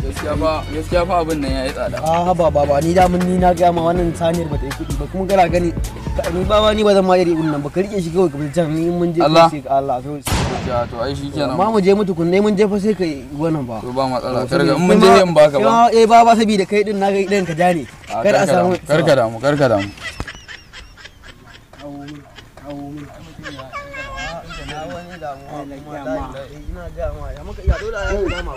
gaskiya fa abin nan yayi tsada a ah, haba baba ni da mun ni na ma wannan saniyar ba ta yi kuɗi ba kuma kana gani ni ba ni ba zan ma yi nan ba ka rike shi kawai ka ni mun je sai Allah to ja to ai shikenan ma mu je mu tukunne mun je fa sai wannan ba to ba matsala karga mun je in baka ba eh ba. saboda kai din na ga idan ka ja ah, kar a samu karka damu karka damu ina ya iya dole a dama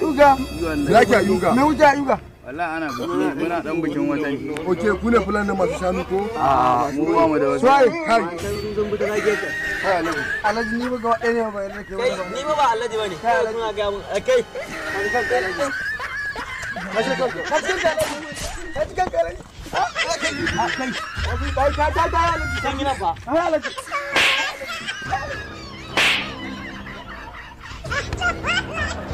Yuga. Lafiya Yuga. Me wuce Yuga? wala ana muna dan bikin wata Oke ku ne fulan da masu shanu ko? A mu ba mu da wasu. Sai kai. na gefe. Kai Alhaji. ni ba ga wadai ba kai. Kai ni ba ba Alhaji bane. Kai Alhaji ga mu. Kai. Kai. Kai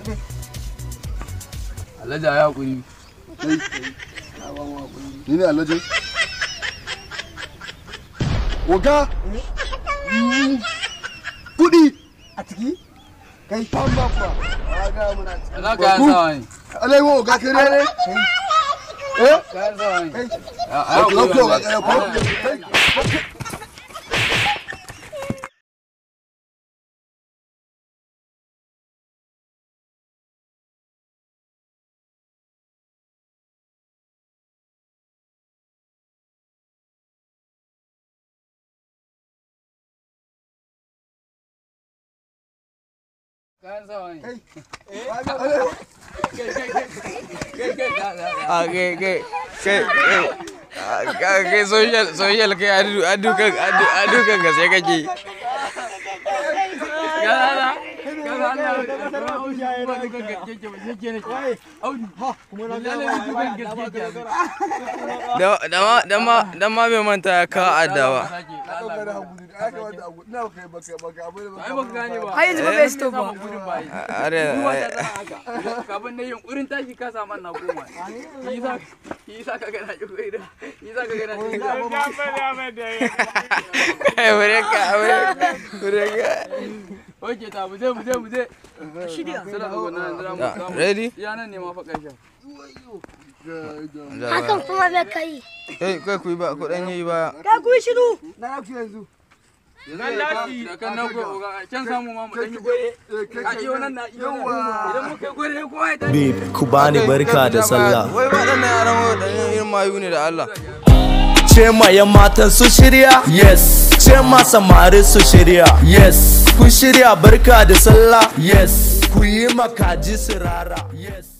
tarbe alhaji ya hakuri ni ne alhaji oga kudi a ciki kai fan ba kuwa ala ka sawa ne ka sawa Dama sawa social social da ma bai manta ka adawa Allah ya hakuri ai ka eh, wanda ba bai stop ba are kafin na yunkurin tashi ka samu na koma yi za yi za ka gana ki kai da yi za ka gana yi da ba da yi eh, da kai bare yi bare ka ta mu je mu je mu je. Shirya. Ready? Yanan ne ma fa ƙarshen. Hakan kuma bai kai. Eh, Kai ku ba ku dan ba. Ka ku shiru. Na ku can samu ma mu dan yi gore. A Babe ku bani barka da sallah. Wai ba dan matan su shirya yes ce ma samari su shirya yes ku shirya barka da sallah yes ku yi makaji sirara yes